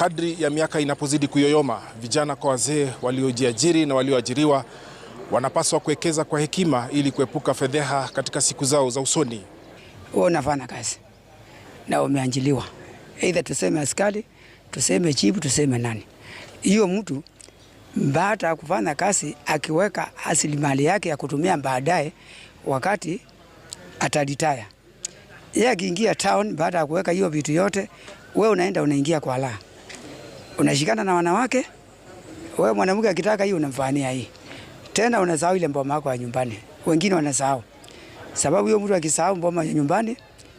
Kadri ya miaka inapozidi kuyoyoma, vijana kwa wazee, waliojiajiri na walioajiriwa wanapaswa kuwekeza kwa hekima ili kuepuka fedheha katika siku zao za usoni. Wewe unafanya kazi na umeanjiliwa, aidha tuseme askari, tuseme chifu, tuseme nani, hiyo mtu baada ya kufanya kazi akiweka asilimali yake ya kutumia baadaye, wakati ataritaya, yeye akiingia town baada ya kuweka hiyo vitu yote, we unaenda unaingia kwa laa unashikana na wanawake. Wewe mwanamke akitaka hii unamfanyia hii, tena unasahau ile mboma yako ya nyumbani. Wengine wanasahau, sababu hiyo mtu akisahau mboma ya nyumbani,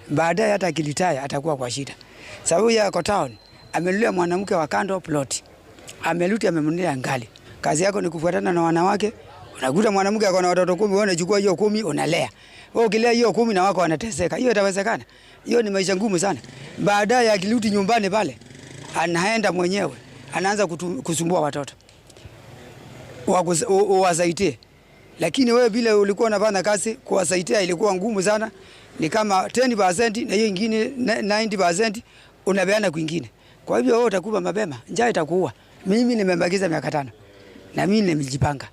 baadaye hata akilitaya atakuwa kwa shida, sababu yeye ako town, amelulia mwanamke wa kando plot, ameluti amemnunia ngali. Kazi yako ni kufuatana na wanawake. Unakuta mwanamke akona watoto kumi, wewe unachukua hiyo kumi unalea. Wewe ukilea hiyo kumi na wako wanateseka. Hiyo itawezekana? Hiyo ni maisha ngumu sana. Baadaye akirudi nyumbani pale anaenda mwenyewe anaanza kusumbua watoto uwasaidie, lakini wewe vile ulikuwa unafanya kazi kuwasaidia ilikuwa ngumu sana, ni kama 10% na hiyo ingine 90% unabeana kwingine. Kwa hivyo wewe utakuwa mabema, njaa itakuua. Mimi nimebakiza miaka tano na mimi nimejipanga,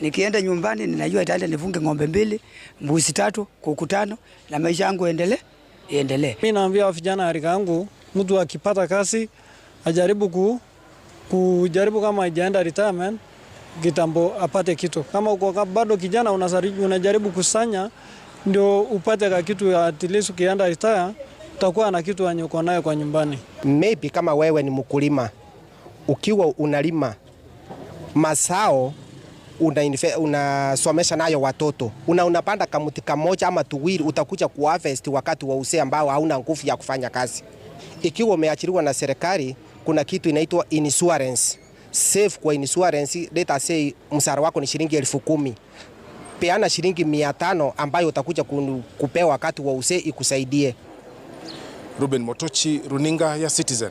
nikienda nyumbani ninajua itaenda nifunge ng'ombe mbili, mbuzi tatu, kuku tano, na maisha yangu endelee iendelee. Mimi naambia vijana wa rika yangu, mtu akipata kazi ajaribu ku, kujaribu kama ajaenda retirement kitambo apate kitu. Kama uko bado kijana unasaribu, unajaribu kusanya ndio upate ka kitu at least ukienda retire utakuwa na kitu yenye uko nayo kwa nyumbani. Maybe kama wewe ni mkulima ukiwa unalima masao mazao unasomesha nayo watoto una unapanda kamuti kamoja ama tuwili, utakuja kuharvest wakati wa usee ambao hauna nguvu ya kufanya kazi. Ikiwa umeachiliwa na serikali kuna kitu inaitwa insurance safe. Kwa insurance data say msara wako ni shilingi elfu kumi peana shilingi mia tano ambayo utakuja kupewa wakati wa usee ikusaidie. Ruben Motochi, runinga ya Citizen.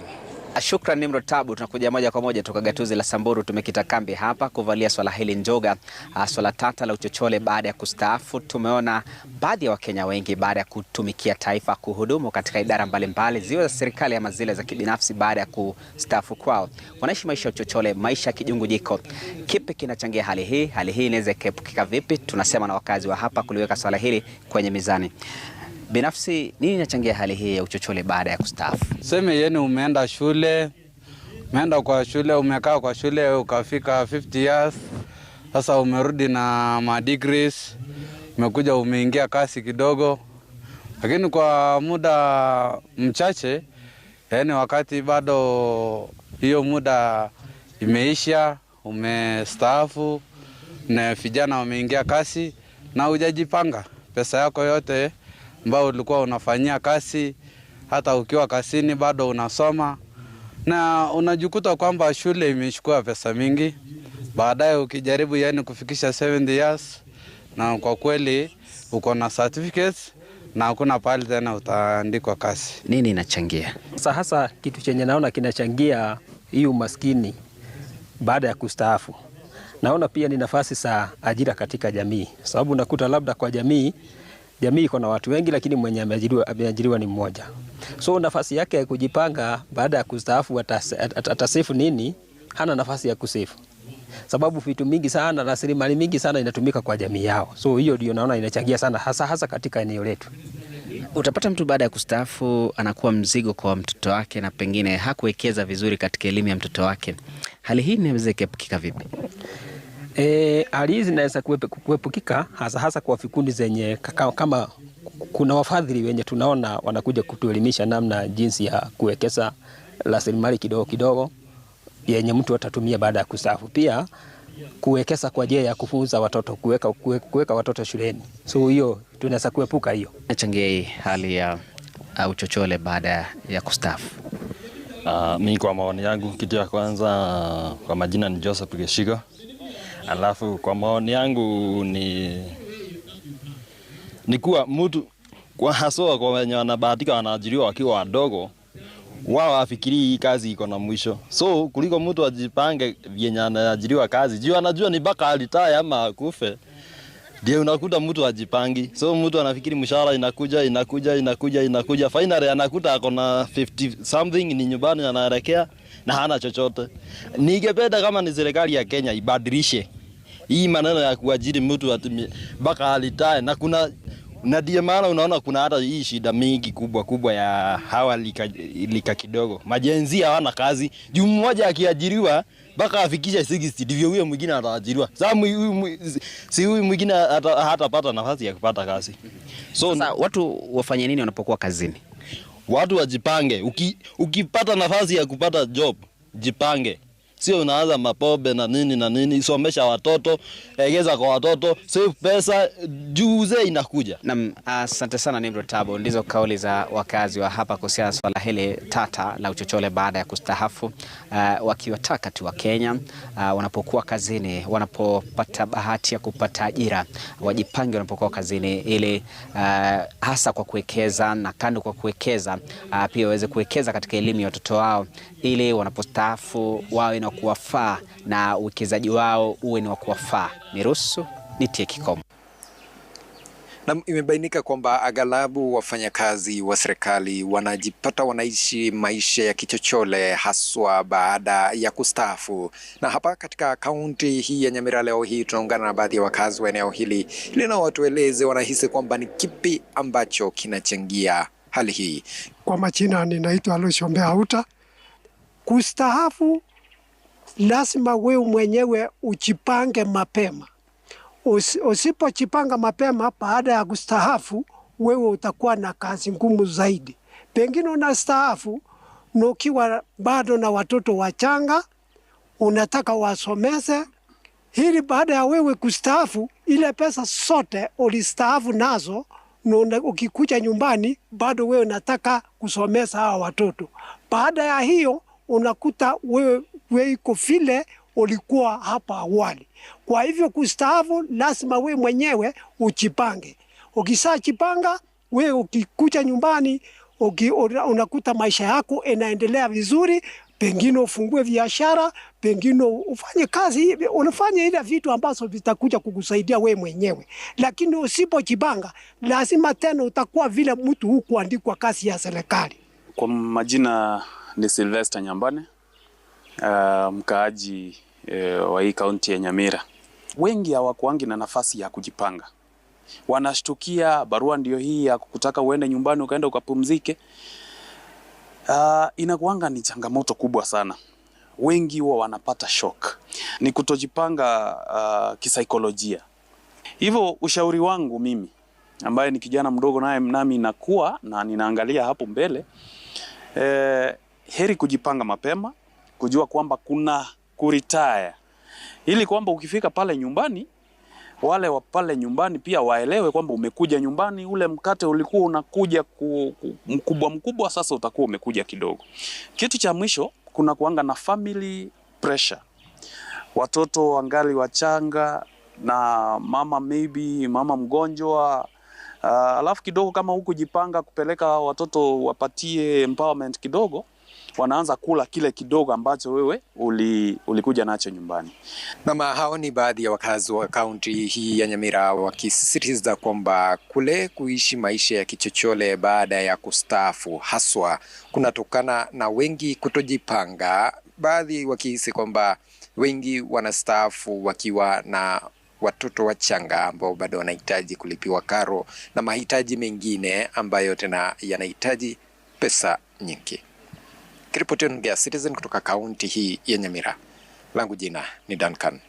Ah, shukran Nimro Tabu, tunakuja moja kwa moja toka gatuzi la Samburu. Tumekita kambi hapa kuvalia swala hili njoga, ah, swala tata la uchochole baada ya kustaafu. Tumeona baadhi ya Wakenya wengi baada ya kutumikia taifa, kuhudumu katika idara mbalimbali, ziwe za serikali ama zile za kibinafsi, baada ya kustaafu kwao wanaishi maisha ya uchochole, maisha ya kijungu jiko. Kipi kinachangia hali hii? Hali hii inaweza ikaepukika vipi? Tunasema na wakazi wa hapa kuliweka swala hili kwenye mizani. Binafsi, nini inachangia hali hii ya uchochole baada ya kustaafu? Seme yeni umeenda shule, umeenda kwa shule, umekaa kwa shule ukafika 50 years, sasa umerudi na ma degrees, umekuja umeingia kasi kidogo, lakini kwa muda mchache, yani wakati bado hiyo muda imeisha, umestaafu na vijana wameingia kasi na hujajipanga, pesa yako yote ambao ulikuwa unafanyia kazi, hata ukiwa kazini bado unasoma, na unajikuta kwamba shule imechukua pesa mingi, baadaye ukijaribu yani kufikisha 70 years, na kwa kweli uko na certificates na hakuna pale tena utaandikwa kazi. Nini inachangia sasa? Hasa kitu chenye naona kinachangia hii umaskini baada ya kustaafu, naona pia ni nafasi za ajira katika jamii, sababu unakuta labda kwa jamii jamii iko na watu wengi, lakini mwenye ameajiriwa, ameajiriwa ni mmoja. So nafasi yake ya kujipanga baada ya kustaafu atasifu nini? Hana nafasi ya kusefu sababu vitu mingi sana, rasilimali mingi sana inatumika kwa jamii yao. So hiyo ndio naona inachangia sana, hasa hasa katika eneo letu. Utapata mtu baada ya kustaafu anakuwa mzigo kwa mtoto wake, na pengine hakuwekeza vizuri katika elimu ya mtoto wake. Hali hii inaweza ikaepukika vipi? E, eh, hali hizi zinaweza kuepukika hasa hasa kwa vikundi zenye kama kuna wafadhili wenye tunaona wanakuja kutuelimisha namna jinsi ya kuwekeza rasilimali kidogo kidogo yenye mtu atatumia baada ya kustaafu. Pia kuwekeza kwa ajili ya kufunza watoto, kuweka kuweka watoto shuleni, so hiyo tunaweza kuepuka hiyo. Nachangia hii hali ya uh, uchochole baada ya kustaafu. Uh, mi kwa maoni yangu, kitu ya kwanza, uh, kwa majina ni Joseph Geshigo. Alafu kwa maoni yangu ni ni kuwa mtu kwa haswa kwa wenye wanabahatika wanaajiriwa wakiwa wadogo, wao wafikiri hii kazi iko na mwisho, so kuliko mtu ajipange vyenye anaajiriwa kazi juu anajua ni baka alitaye ama akufe ndio unakuta mtu ajipangi, so mtu anafikiri mshahara inakuja inakuja inakuja inakuja, finally anakuta ako na 50 something ni nyumbani anaelekea na hana chochote. Ningependa kama ni serikali ya Kenya ibadilishe hii maneno ya kuajiri mtu mpaka alitae na kuna na ndio maana unaona kuna hata hii shida mingi kubwa kubwa ya hawa lika, lika kidogo. Majenzi hawana kazi. Juu mmoja akiajiriwa mpaka afikisha 60 ndivyo huyo mwingine ataajiriwa. Sasa si huyu mwingine hatapata nafasi ya kupata kazi. So sasa watu wafanye nini wanapokuwa kazini? Watu wajipange. Uki, ukipata nafasi ya kupata job, jipange sio unaanza mapobe na nini na nini. Somesha watoto, egeza kwa watoto, save pesa juu uzee inakuja. Naam, asante uh, sana Nimrod Tabo. Ndizo kauli za wakazi wa hapa kuhusiana na swala hili tata la uchochole baada ya kustahafu, uh, wakiwataka tu wa Kenya uh, wanapokuwa kazini, wanapopata bahati ya kupata ajira, wajipange wanapokuwa kazini, ili uh, hasa kwa kuwekeza na kando kwa kuwekeza uh, pia waweze kuwekeza katika elimu ya watoto wao ili wanapostaafu wawe na kuwafaa na uwekezaji wao uwe ni wa kuwafaa. Niruhusu nitie kikomo. Na imebainika kwamba aghalabu wafanyakazi wa serikali wanajipata wanaishi maisha ya kichochole haswa baada ya kustaafu. Na hapa katika kaunti hii ya Nyamira leo hii tunaungana na baadhi ya wakazi wa eneo hili ili nao watueleze wanahisi kwamba ni kipi ambacho kinachangia hali hii. Kwa majina ninaitwa aloshombea auta Kustahafu lazima wewe mwenyewe ujipange mapema. Usipochipanga mapema baada ya kustahafu, wewe utakuwa na kazi ngumu zaidi. Pengine unastaafu na ukiwa bado na watoto wachanga, unataka wasomeze, ili baada ya wewe kustaafu, ile pesa sote ulistaafu nazo, na ukikuja nyumbani bado wewe unataka kusomeza hawa watoto. Baada ya hiyo unakuta wewe weiko vile ulikuwa hapa awali. Kwa hivyo kustaafu, lazima wewe mwenyewe ujipange. Ukishajipanga wewe, ukikuja nyumbani uki, unakuta maisha yako inaendelea vizuri, pengine ufungue biashara, pengine ufanye kazi, unafanya ile vitu ambazo vitakuja kukusaidia we mwenyewe. Lakini usipojipanga, lazima tena utakuwa vile mtu hukuandikwa kazi ya serikali. Kwa majina ni Sylvester Nyambane, uh, mkaaji uh, wa hii kaunti ya Nyamira. Wengi hawakuangi na nafasi ya kujipanga, wanashtukia barua ndio hii ya kukutaka uende nyumbani ukaenda ukapumzike. Uh, inakuanga ni changamoto kubwa sana, wengi huwa wanapata shock, ni kutojipanga uh, kisaikolojia. Hivyo ushauri wangu mimi ambaye ni kijana mdogo naye nami nakuwa na ninaangalia hapo mbele eh, heri kujipanga mapema, kujua kwamba kuna kuritaya, ili kwamba ukifika pale nyumbani wale wa pale nyumbani pia waelewe kwamba umekuja nyumbani. Ule mkate ulikuwa unakuja ku, ku, mkubwa mkubwa, sasa utakuwa umekuja kidogo. Kitu cha mwisho, kuna kuanga na family pressure, watoto wangali wachanga na mama maybe mama mgonjwa uh, alafu kidogo kama hukujipanga kupeleka watoto wapatie empowerment kidogo wanaanza kula kile kidogo ambacho wewe uli, ulikuja nacho nyumbani. Nam, hao ni baadhi ya wakazi wa kaunti hii ya Nyamira wakisisitiza kwamba kule kuishi maisha ya kichochole baada ya kustaafu haswa kunatokana na wengi kutojipanga, baadhi wakihisi kwamba wengi wanastaafu wakiwa na watoto wachanga ambao bado wanahitaji kulipiwa karo na mahitaji mengine ambayo tena yanahitaji pesa nyingi. Kiripoti ya Citizen kutoka kaunti hii ya Nyamira. Langu jina ni Duncan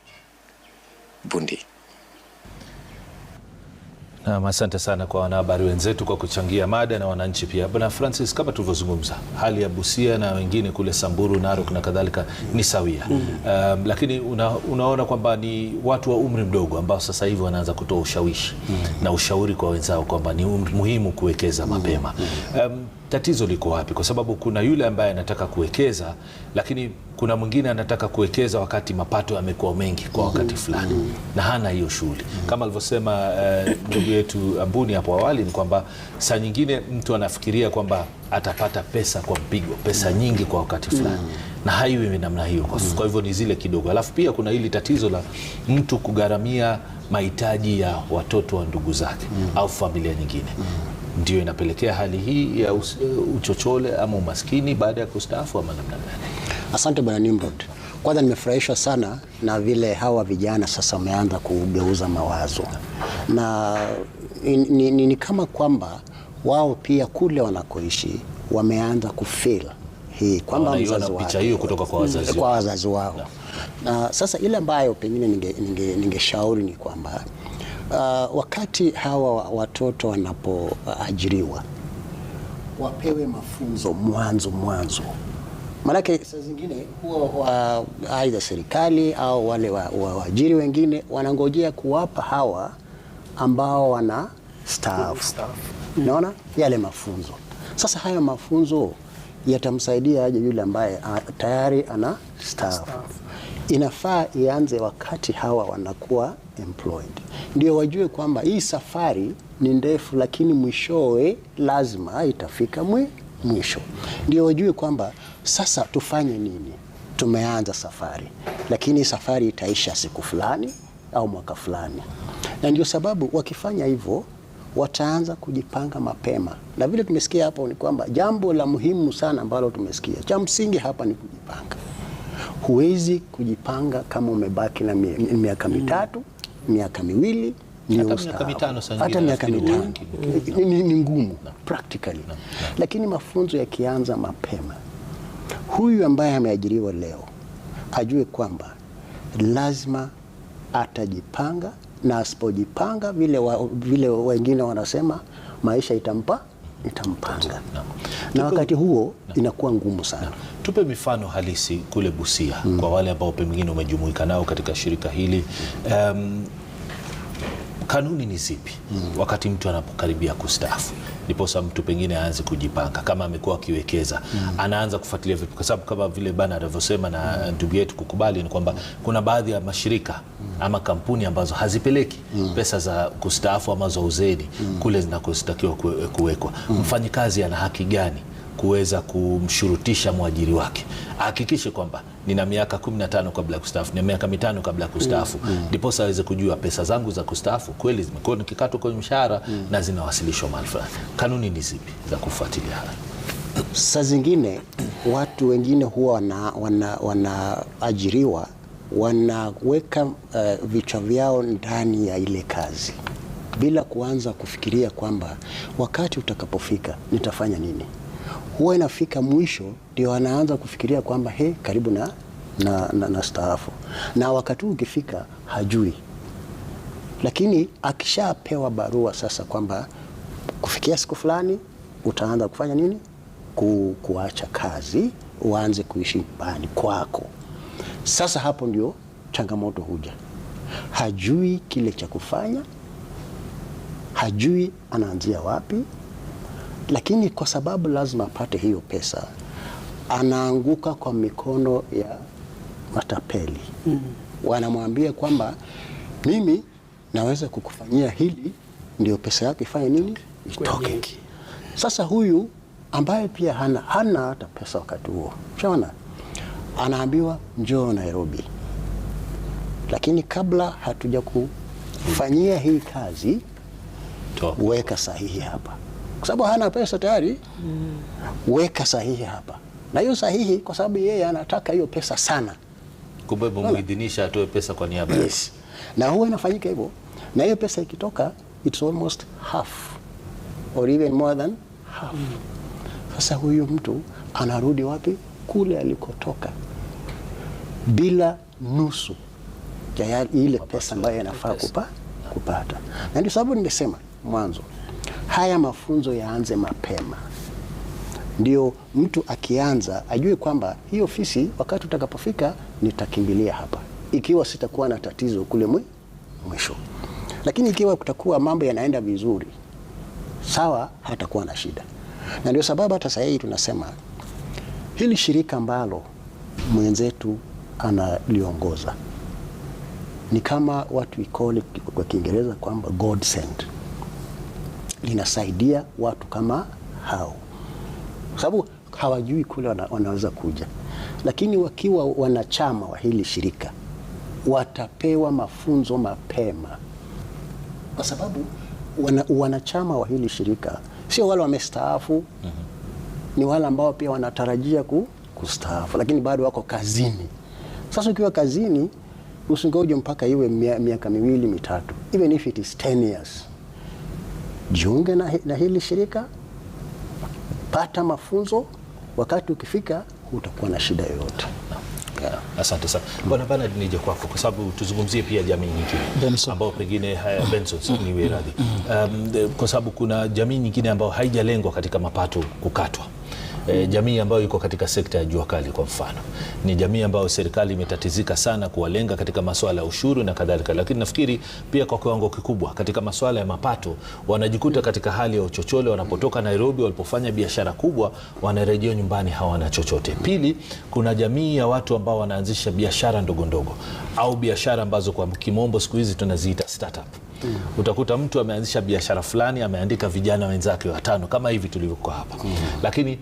Bundi. Nam, asante sana kwa wanahabari wenzetu kwa kuchangia mada na wananchi pia. Bwana Francis, kama tulivyozungumza, hali ya Busia na wengine kule Samburu, Narok na kadhalika ni sawia mm -hmm. Um, lakini una, unaona kwamba ni watu wa umri mdogo ambao sasa hivi wanaanza kutoa ushawishi mm -hmm. na ushauri kwa wenzao kwamba ni muhimu kuwekeza mm. mapema mm -hmm. um, tatizo liko wapi? Kwa sababu kuna yule ambaye anataka kuwekeza, lakini kuna mwingine anataka kuwekeza wakati mapato yamekuwa mengi kwa wakati fulani mm -hmm. na hana hiyo shughuli mm -hmm. kama alivyosema eh, ndugu uh, yetu Ambuni hapo awali, ni kwamba saa nyingine mtu anafikiria kwamba atapata pesa kwa mpigo, pesa nyingi kwa wakati fulani mm -hmm. na haiwi namna hiyo kwa, mm -hmm. kwa hivyo ni zile kidogo, alafu pia kuna hili tatizo la mtu kugharamia mahitaji ya watoto wa ndugu zake mm -hmm. au familia nyingine mm -hmm ndio inapelekea hali hii ya uchochole ama umaskini baada ya kustaafu ama namna gani? Asante Bwana Nimrod. Kwanza nimefurahishwa sana na vile hawa vijana sasa wameanza kugeuza mawazo na ni, ni, ni, kama kwamba wao pia kule wanakoishi wameanza kufeel hii kwamba mzazi wao picha hiyo kutoka kwa wazazi wao, mm, kwa wazazi wao. Na sasa ile ambayo pengine ningeshauri ninge, ninge ni kwamba Uh, wakati hawa watoto wanapoajiriwa wapewe mafunzo mwanzo mwanzo, maanake saa zingine huwa aidha serikali au wale waajiri wa, wa wengine wanangojea kuwapa hawa ambao wana staafu, naona yale mafunzo. Sasa haya mafunzo yatamsaidia aje yule ambaye tayari ana staff? Inafaa ianze wakati hawa wanakuwa employed, ndio wajue kwamba hii safari ni ndefu, lakini mwishowe lazima itafika mwe mwisho. Ndio wajue kwamba sasa tufanye nini. Tumeanza safari, lakini safari itaisha siku fulani au mwaka fulani, na ndio sababu wakifanya hivyo wataanza kujipanga mapema, na vile tumesikia hapa ni kwamba jambo la muhimu sana ambalo tumesikia cha msingi hapa ni kujipanga. Huwezi kujipanga kama umebaki na miaka mitatu mm miaka miwili hata miaka mitano ni ngumu practically, lakini mafunzo yakianza mapema, huyu ambaye ameajiriwa leo ajue kwamba lazima atajipanga, na asipojipanga vile, wa, vile wengine wanasema maisha itampa itampanga, na wakati huo inakuwa ngumu sana. Tupe mifano halisi kule Busia mm. kwa wale ambao pengine umejumuika nao katika shirika hili um, kanuni ni zipi mm. wakati mtu anapokaribia kustaafu, ndiposa mtu pengine aanze kujipanga kama amekuwa akiwekeza mm. anaanza kufuatilia vipi, kwa sababu kama vile bana anavyosema na ndugu yetu kukubali, ni kwamba kuna baadhi ya mashirika mm. ama kampuni ambazo hazipeleki mm. pesa za kustaafu ama za uzeni mm. kule zinakostakiwa kuwekwa. mm. Mfanyikazi ana haki gani kuweza kumshurutisha mwajiri wake ahakikishe kwamba nina miaka 15 kabla ya kustaafu, nina miaka mitano kabla ya kustaafu, ndiposa mm, mm, aweze kujua pesa zangu za kustaafu kweli zimekuwa nikikatwa kwenye mshahara mm, na zinawasilishwa mahali fulani. Kanuni ni zipi za kufuatilia haya? Saa zingine watu wengine huwa wanaajiriwa wana wanaweka uh, vichwa vyao ndani ya ile kazi bila kuanza kufikiria kwamba wakati utakapofika nitafanya nini huwa inafika mwisho ndio anaanza kufikiria kwamba he, karibu na, na, na, na staafu, na wakati huu ukifika hajui, lakini akishapewa barua sasa kwamba kufikia siku fulani utaanza kufanya nini, ku, kuacha kazi uanze kuishi nyumbani kwako. Sasa hapo ndio changamoto huja, hajui kile cha kufanya, hajui anaanzia wapi lakini kwa sababu lazima apate hiyo pesa, anaanguka kwa mikono ya matapeli mm. Wanamwambia kwamba mimi naweza kukufanyia hili, ndio pesa yake ifanye nini, itoke. Sasa huyu ambaye pia hana hana hata pesa wakati huo, shaona, anaambiwa njoo Nairobi, lakini kabla hatuja kufanyia hii kazi, weka sahihi hapa kwa sababu hana pesa tayari. Mm. Weka sahihi hapa na hiyo sahihi, kwa sababu yeye anataka hiyo pesa sana, kumbe muidhinisha atoe pesa kwa niaba Yes. Na huwa inafanyika hivyo, na hiyo pesa ikitoka, it's almost half or even more than half. Mm. Sasa huyu mtu anarudi wapi? Kule alikotoka bila nusu ya ile pesa ambayo inafaa kupa, kupata, na ndio sababu nimesema mwanzo haya mafunzo yaanze mapema, ndio mtu akianza ajue kwamba hii ofisi wakati utakapofika nitakimbilia hapa, ikiwa sitakuwa na tatizo kule mwisho. Lakini ikiwa kutakuwa mambo yanaenda vizuri, sawa, hatakuwa na shida. Na ndio sababu hata sasa hivi tunasema hili shirika ambalo mwenzetu analiongoza ni kama watu ikole kwa Kiingereza kwamba God linasaidia watu kama hao, kwa sababu hawajui kule wana, wanaweza kuja, lakini wakiwa wanachama wa hili shirika watapewa mafunzo mapema, kwa sababu wana, wanachama wa hili shirika sio wale wamestaafu mm -hmm. Ni wale ambao pia wanatarajia ku, kustaafu lakini bado wako kazini. Sasa ukiwa kazini usingoje mpaka iwe miaka miwili mitatu, even if it is 10 years jiunge na, na hili shirika, pata mafunzo. Wakati ukifika utakuwa na shida yoyote. Yeah. Asante sana mm. Bwana bana, nije kwako kwa sababu tuzungumzie pia jamii nyingine ambao pengine mm. Benson mm. niwe radhi, um, kwa sababu kuna jamii nyingine ambayo haijalengwa katika mapato kukatwa E, jamii ambayo iko katika sekta ya jua kali kwa mfano ni jamii ambayo serikali imetatizika sana kuwalenga katika masuala ya ushuru na kadhalika, lakini nafikiri pia kwa kiwango kikubwa katika masuala ya mapato wanajikuta katika hali ya uchochole wanapotoka Nairobi, walipofanya biashara kubwa, wanarejea nyumbani hawana chochote. Pili, kuna jamii ya watu ambao wanaanzisha biashara ndogo ndogo au biashara ambazo kwa kimombo siku hizi tunaziita startup. Mm. Utakuta mtu ameanzisha biashara fulani, ameandika vijana wenzake watano kama hivi tulivyokuwa hapa. Mm. Lakini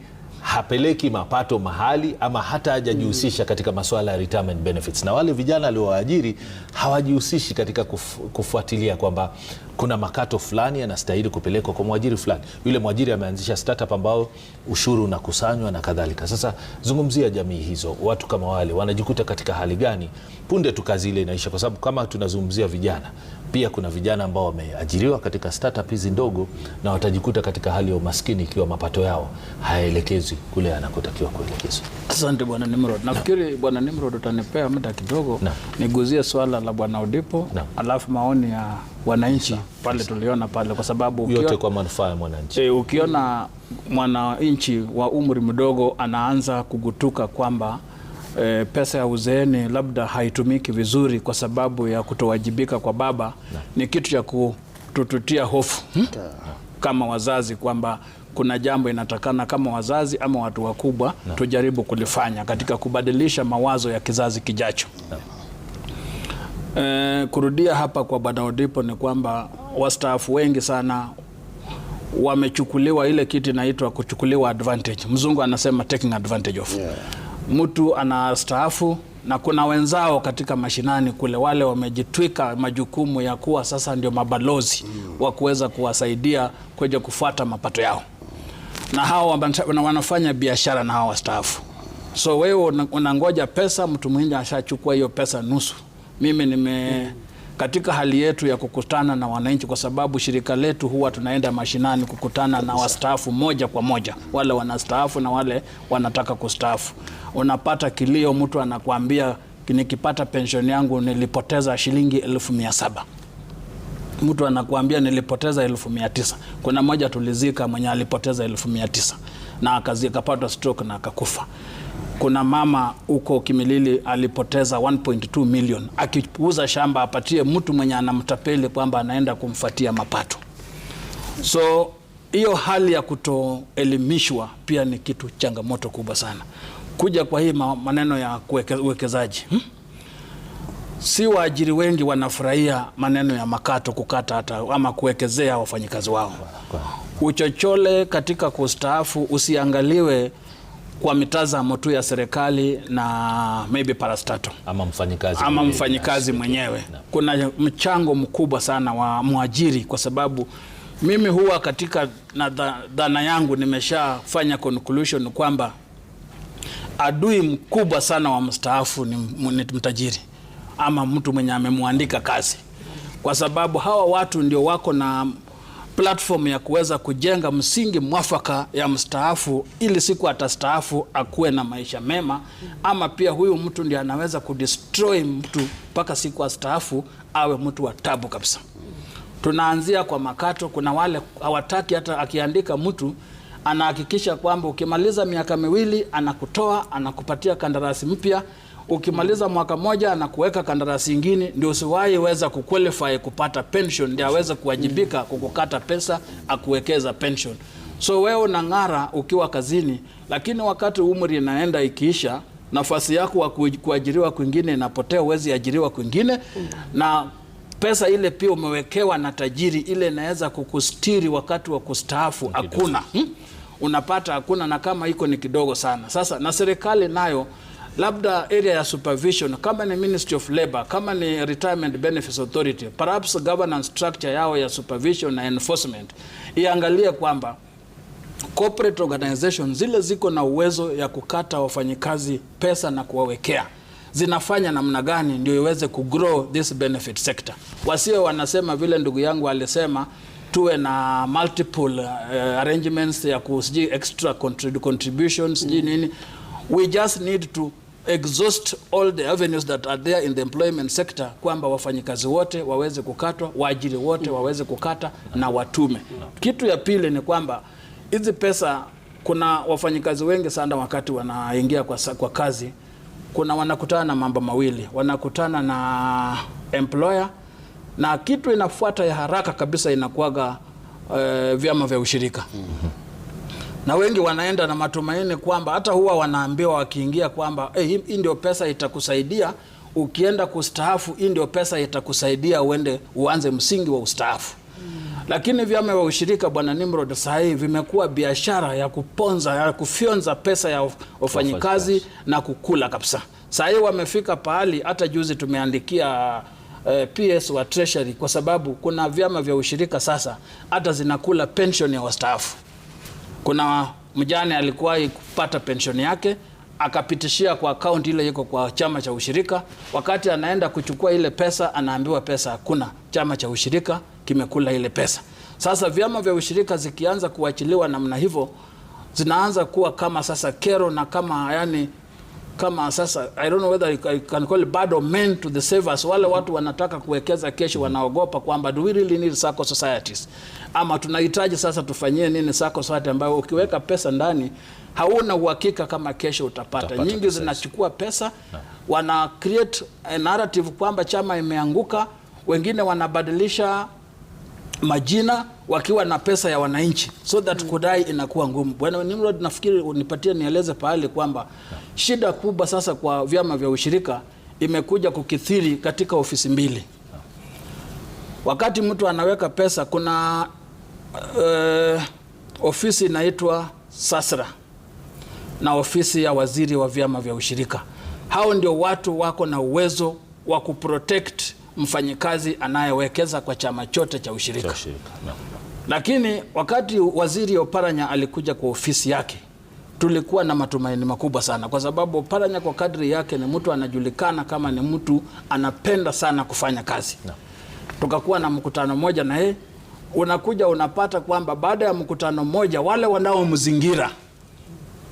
hapeleki mapato mahali ama hata hajajihusisha katika masuala ya retirement benefits, na wale vijana aliowaajiri hawajihusishi katika kufu, kufuatilia kwamba kuna makato fulani yanastahili kupelekwa kwa mwajiri fulani, yule mwajiri ameanzisha startup ambao ushuru unakusanywa na kadhalika. Sasa zungumzia jamii hizo, watu kama wale wanajikuta katika hali gani punde tu kazi ile inaisha? Kwa sababu kama tunazungumzia vijana, pia kuna vijana ambao wameajiriwa katika startup hizi ndogo na watajikuta katika hali ya umaskini ikiwa mapato yao hayaelekezwi kule yanakotakiwa kuelekezwa. Asante Bwana Nimrod. Nafikiri Bwana Nimrod utanipea muda kidogo niguzie swala la Bwana Odipo, alafu maoni ya wananchi pale, tuliona pale, kwa sababu ukiona, yote kwa manufaa ya mwananchi e, ukiona mwananchi wa umri mdogo anaanza kugutuka kwamba e, pesa ya uzeeni labda haitumiki vizuri kwa sababu ya kutowajibika kwa baba na, ni kitu cha kutututia hofu hmm? kama wazazi kwamba kuna jambo inatakana kama wazazi ama watu wakubwa tujaribu kulifanya katika kubadilisha mawazo ya kizazi kijacho na. E, kurudia hapa kwa Bwana Odipo ni kwamba wastaafu wengi sana wamechukuliwa ile kitu inaitwa kuchukuliwa advantage. Mzungu anasema taking advantage of. Yeah. Mtu anastaafu na kuna wenzao katika mashinani kule, wale wamejitwika majukumu ya kuwa sasa ndio mabalozi mm. wa kuweza kuwasaidia kuja kufuata mapato yao, na hao wanafanya biashara na hao wastaafu. So wewe unangoja pesa, mtu mwingine ashachukua hiyo pesa nusu mimi nime mm. Katika hali yetu ya kukutana na wananchi, kwa sababu shirika letu huwa tunaenda mashinani kukutana na wastaafu moja kwa moja, wale wanastaafu na wale wanataka kustaafu. Unapata kilio, mtu anakuambia nikipata penshoni yangu nilipoteza shilingi elfu mia saba mtu anakuambia nilipoteza elfu mia tisa Kuna mmoja tulizika mwenye alipoteza elfu mia tisa na akapata stroke na akakufa kuna mama huko Kimilili alipoteza 1.2 million akiuza shamba apatie mtu mwenye anamtapeli kwamba anaenda kumfatia mapato. So hiyo hali ya kutoelimishwa pia ni kitu changamoto kubwa sana. Kuja kwa hii maneno ya uwekezaji hmm? Si waajiri wengi wanafurahia maneno ya makato kukata hata ama kuwekezea wafanyikazi wao. Uchochole katika kustaafu usiangaliwe kwa mitazamo tu ya serikali na maybe parastato ama mfanyikazi, ama mfanyikazi mwenyewe na. Kuna mchango mkubwa sana wa mwajiri kwa sababu mimi huwa katika na dhana yangu nimeshafanya conclusion kwamba adui mkubwa sana wa mstaafu ni, ni mtajiri ama mtu mwenye amemwandika kazi, kwa sababu hawa watu ndio wako na platform ya kuweza kujenga msingi mwafaka ya mstaafu, ili siku atastaafu akuwe na maisha mema, ama pia huyu mtu ndiye anaweza kudestroy mtu mpaka siku astaafu awe mtu wa tabu kabisa. Tunaanzia kwa makato. Kuna wale hawataki hata akiandika mtu anahakikisha kwamba ukimaliza miaka miwili anakutoa, anakupatia kandarasi mpya ukimaliza mwaka moja na kuweka kandarasi ingine, ndio usiwaiweza kuqualify kupata pension, ndio aweze kuwajibika kukukata pesa akuwekeza pension. So wewe unang'ara ukiwa kazini, lakini wakati umri inaenda ikiisha nafasi yako wa kuajiriwa kwingine inapotea, uwezi ajiriwa kwingine na pesa ile pia umewekewa na tajiri, ile inaweza kukustiri wakati wa kustaafu hakuna, hmm? Unapata hakuna, na kama iko ni kidogo sana. Sasa na serikali nayo labda area ya supervision, kama ni Ministry of Labor, kama ni Retirement Benefits Authority, perhaps governance structure yao ya supervision na enforcement iangalie kwamba corporate organizations zile ziko na uwezo ya kukata wafanyikazi pesa na kuwawekea zinafanya namna gani ndio iweze kugrow this benefit sector. Wasio wanasema vile ndugu yangu alisema tuwe na multiple uh, arrangements ya kusiji extra contributions mm. nini we just need to exhaust all the avenues that are there in the employment sector, kwamba wafanyikazi wote waweze kukatwa, waajiri wote waweze kukata na watume. Kitu ya pili ni kwamba hizi pesa, kuna wafanyikazi wengi sana wakati wanaingia kwa, kwa kazi, kuna wanakutana na mambo mawili, wanakutana na employer na kitu inafuata ya haraka kabisa inakuwaga uh, vyama vya ushirika mm -hmm na wengi wanaenda na matumaini kwamba hata huwa wanaambiwa wakiingia kwamba eh, hii hey, ndio pesa itakusaidia ukienda kustaafu, hii ndio pesa itakusaidia uende uanze msingi wa ustaafu mm. Lakini vyama vya ushirika bwana Nimrod, saa hii vimekuwa biashara ya kuponza ya kufyonza pesa ya wafanyikazi na kukula kabisa. Saa hii wamefika pahali, hata juzi tumeandikia eh, PS wa Treasury kwa sababu kuna vyama vya ushirika sasa hata zinakula pension ya wastaafu. Kuna mjane alikuwa kupata pension yake akapitishia kwa akaunti ile iko kwa chama cha ushirika. Wakati anaenda kuchukua ile pesa, anaambiwa pesa hakuna, chama cha ushirika kimekula ile pesa. Sasa vyama vya ushirika zikianza kuachiliwa namna hivyo, zinaanza kuwa kama sasa kero na kama yani kama sasa I don't know whether I can call it bad or men to the savers. Wale watu wanataka kuwekeza kesho, wanaogopa kwamba do we really need sacco societies? ama tunahitaji sasa tufanyie nini sako sote, ambayo ukiweka pesa ndani hauna uhakika kama kesho utapata, utapata nyingi pesa. Zinachukua pesa na wana create a narrative kwamba chama imeanguka, wengine wanabadilisha majina wakiwa na pesa ya wananchi so that mm, kudai inakuwa ngumu. Bwana Nimrod, nafikiri unipatie nieleze pahali kwamba shida kubwa sasa kwa vyama vya ushirika imekuja kukithiri katika ofisi mbili. Wakati mtu anaweka pesa, kuna uh, ofisi inaitwa SASRA na ofisi ya waziri wa vyama vya ushirika. Hao ndio watu wako na uwezo wa kuprotect mfanyikazi anayewekeza kwa chama chote cha ushirika, cha ushirika. No. Lakini wakati waziri Oparanya alikuja kwa ofisi yake tulikuwa na matumaini makubwa sana, kwa sababu Oparanya kwa kadri yake ni mtu anajulikana kama ni mtu anapenda sana kufanya kazi no. Tukakuwa na mkutano mmoja na yeye unakuja unapata kwamba baada ya mkutano mmoja wale wanaomzingira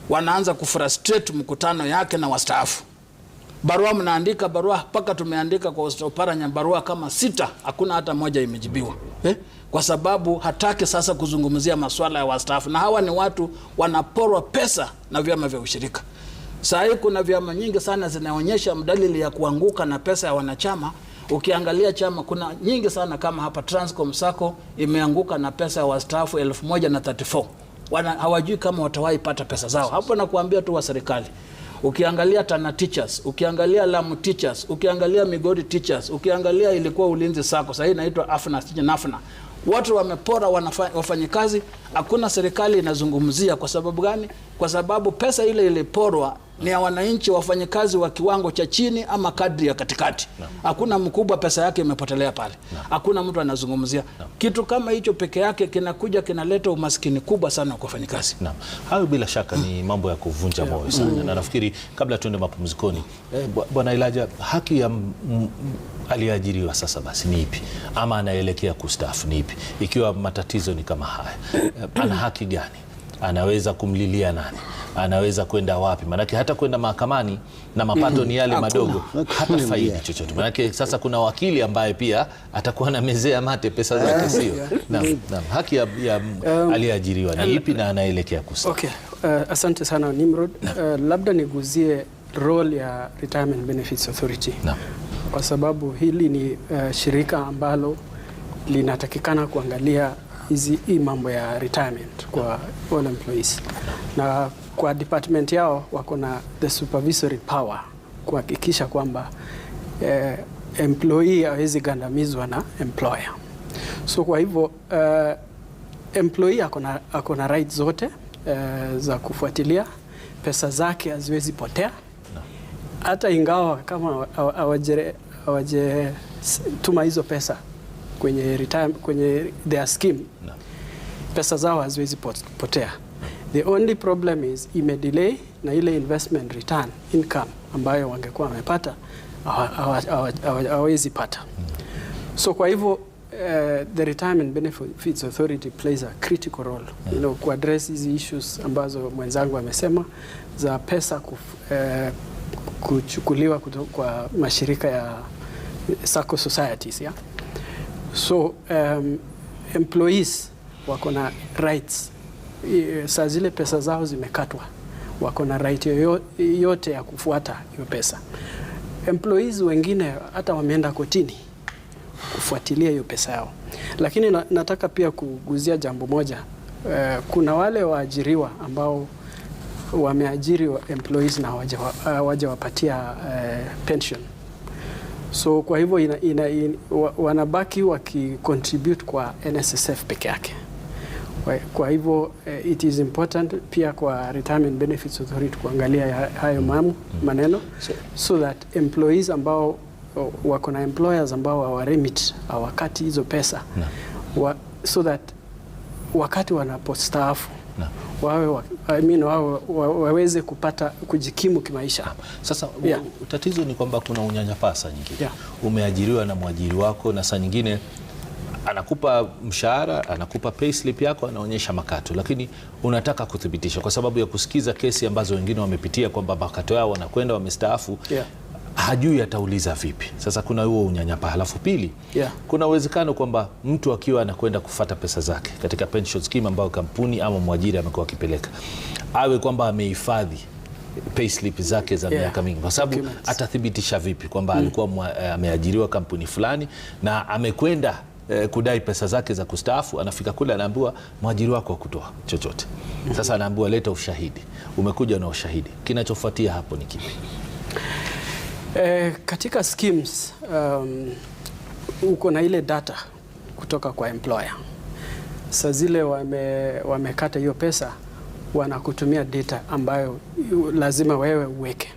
wanaanza kufrustrate mkutano yake na wastaafu. Barua mnaandika barua mpaka tumeandika kwa Oparanya barua kama sita, hakuna hata moja imejibiwa eh? Kwa sababu hataki sasa kuzungumzia masuala ya wastaafu, na hawa ni watu wanaporwa pesa na vyama vya ushirika. Saa hii kuna vyama nyingi sana zinaonyesha dalili ya kuanguka na pesa ya wanachama Ukiangalia chama kuna nyingi sana kama hapa Transcom Sacco imeanguka na pesa ya wastaafu elfu 34 wana hawajui kama watawahi pata pesa zao. Hapo nakuambia tu wa serikali. Ukiangalia Tana Teachers, ukiangalia Lamu Teachers, ukiangalia Migodi Teachers, ukiangalia ilikuwa Ulinzi Sako, sasa inaitwa Afna Nafna. Watu wamepora wafanyikazi, hakuna serikali inazungumzia. Kwa sababu gani? Kwa sababu pesa ile iliporwa ni ya wananchi wafanyakazi wa kiwango cha chini ama kadri ya katikati. Hakuna mkubwa pesa yake imepotelea pale, hakuna mtu anazungumzia kitu kama hicho. Peke yake kinakuja kinaleta umaskini kubwa sana kwa wafanyakazi. hayo bila shaka ni hmm. mambo ya kuvunja moyo sana hmm. na nafikiri kabla tuende mapumzikoni, eh, bwana Ilaja, haki ya aliyeajiriwa sasa basi ni ipi, ama anaelekea kustaafu ni ipi, ikiwa matatizo ni kama haya, eh, ana haki gani? anaweza kumlilia nani, anaweza kwenda wapi? Maanake hata kwenda mahakamani na mapato ni yale madogo, hata faidi chochote. Maanake sasa kuna wakili ambaye pia atakuwa na mezea mate pesa ah, zake, sio? Naam, mm. naam. Haki ya, ya um, aliyeajiriwa ni ipi uh, na anaelekea kusa? Okay. Uh, asante sana Nimrod. Uh, labda niguzie role ya Retirement Benefits Authority naam, kwa sababu hili ni uh, shirika ambalo linatakikana kuangalia hizi hii mambo ya retirement kwa all employees, na kwa department yao wako na the supervisory power kuhakikisha kwamba eh, employee hawezi gandamizwa na employer. So kwa hivyo eh, employee ako na right zote eh, za kufuatilia pesa zake haziwezi potea hata ingawa kama awajetuma tuma hizo pesa kwenye, retirement, kwenye their scheme no. Pesa zao haziwezi potea The only problem is ime delay na ile investment return income ambayo wangekuwa wamepata hawawezi pata mm. So kwa hivyo uh, the Retirement Benefits Authority plays a critical role yeah. Mm. You know, address hizi issues ambazo mwenzangu amesema za pesa kuf, uh, kuchukuliwa kutoka kwa mashirika ya Sacco societies, yeah? So um, employees wako na rights saa zile pesa zao zimekatwa, wako na right yoyote ya kufuata hiyo pesa. Employees wengine hata wameenda kotini kufuatilia hiyo pesa yao, lakini na, nataka pia kuguzia jambo moja uh, kuna wale waajiriwa ambao wameajiri employees na hawajawapatia uh, pension So kwa hivyo ina, ina, ina, wanabaki wakicontribute kwa NSSF peke yake. Kwa hivyo uh, it is important pia kwa Retirement Benefits Authority kuangalia hayo mamu, maneno so that employees ambao oh, wako na employers ambao hawaremit hawakati hizo pesa wa, so that wakati wanapostaafu na wawe I mean, wawe waweze kupata kujikimu kimaisha. Ah, sasa yeah. Tatizo ni kwamba kuna unyanyapaa saa nyingine yeah. Umeajiriwa na mwajiri wako na saa nyingine anakupa mshahara, anakupa payslip yako, anaonyesha makato, lakini unataka kuthibitisha kwa sababu ya kusikiza kesi ambazo wengine wamepitia kwamba makato yao wanakwenda wamestaafu, yeah hajui atauliza vipi. Sasa kuna huo unyanyapaa, halafu pili, yeah. kuna uwezekano kwamba mtu akiwa anakwenda kufata pesa zake katika pension scheme ambayo kampuni ama mwajiri amekuwa akipeleka, awe kwamba amehifadhi payslip zake za yeah. miaka mingi, kwa sababu atathibitisha vipi kwamba mm. alikuwa eh, ameajiriwa kampuni fulani na amekwenda eh, kudai pesa zake za kustaafu, anafika kule anaambiwa mwajiri wako hakutoa chochote. Mm-hmm. Sasa anaambiwa leta ushahidi. Umekuja na ushahidi, kinachofuatia hapo ni kipi? Eh, katika schemes um, uko na ile data kutoka kwa employer. sa zile wame, wamekata hiyo pesa wanakutumia data ambayo lazima wewe uweke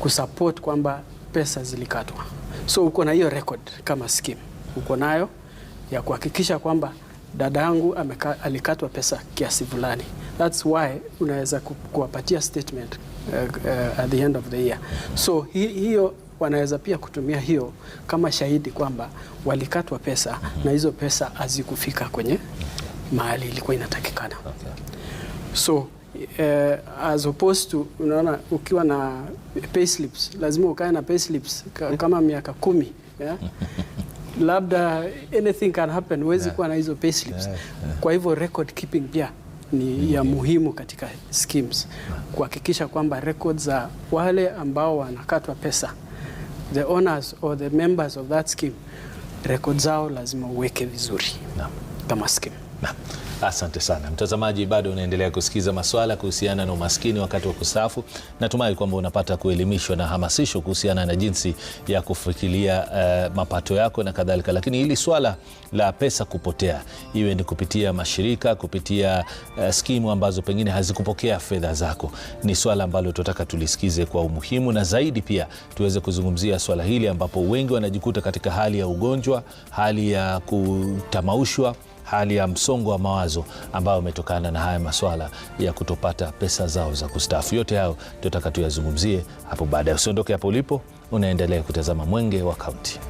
kusupport kwamba pesa zilikatwa. So uko na hiyo record kama scheme uko nayo ya kuhakikisha kwamba dada yangu alikatwa pesa kiasi fulani. That's why unaweza kuwapatia statement uh, at the end of the year. So hi, hiyo wanaweza pia kutumia hiyo kama shahidi kwamba walikatwa pesa mm -hmm. na hizo pesa hazikufika kwenye mahali ilikuwa inatakikana. Okay. So uh, as opposed to unaona, ukiwa na payslips lazima ukae na payslips kama miaka kumi yeah? labda anything can happen, huwezi kuwa na hizo payslips. Kwa hivyo record keeping pia yeah ni ya muhimu katika schemes kuhakikisha kwamba records za wale ambao wanakatwa pesa, the owners or the members of that scheme, records zao lazima uweke vizuri kama scheme. Asante sana mtazamaji, bado unaendelea kusikiza maswala kuhusiana na umaskini wakati wa kustaafu. Natumai kwamba unapata kuelimishwa na hamasisho kuhusiana na jinsi ya kufikiria uh, mapato yako na kadhalika, lakini hili swala la pesa kupotea, iwe ni kupitia mashirika, kupitia uh, skimu ambazo pengine hazikupokea fedha zako, ni swala ambalo tunataka tulisikize kwa umuhimu na zaidi pia tuweze kuzungumzia swala hili ambapo wengi wanajikuta katika hali ya ugonjwa, hali ya kutamaushwa hali ya msongo wa mawazo ambayo umetokana na haya maswala ya kutopata pesa zao za kustaafu. Yote hayo tutaka tuyazungumzie hapo baadaye. Usiondoke hapo ulipo, unaendelea kutazama Mwenge wa Kaunti.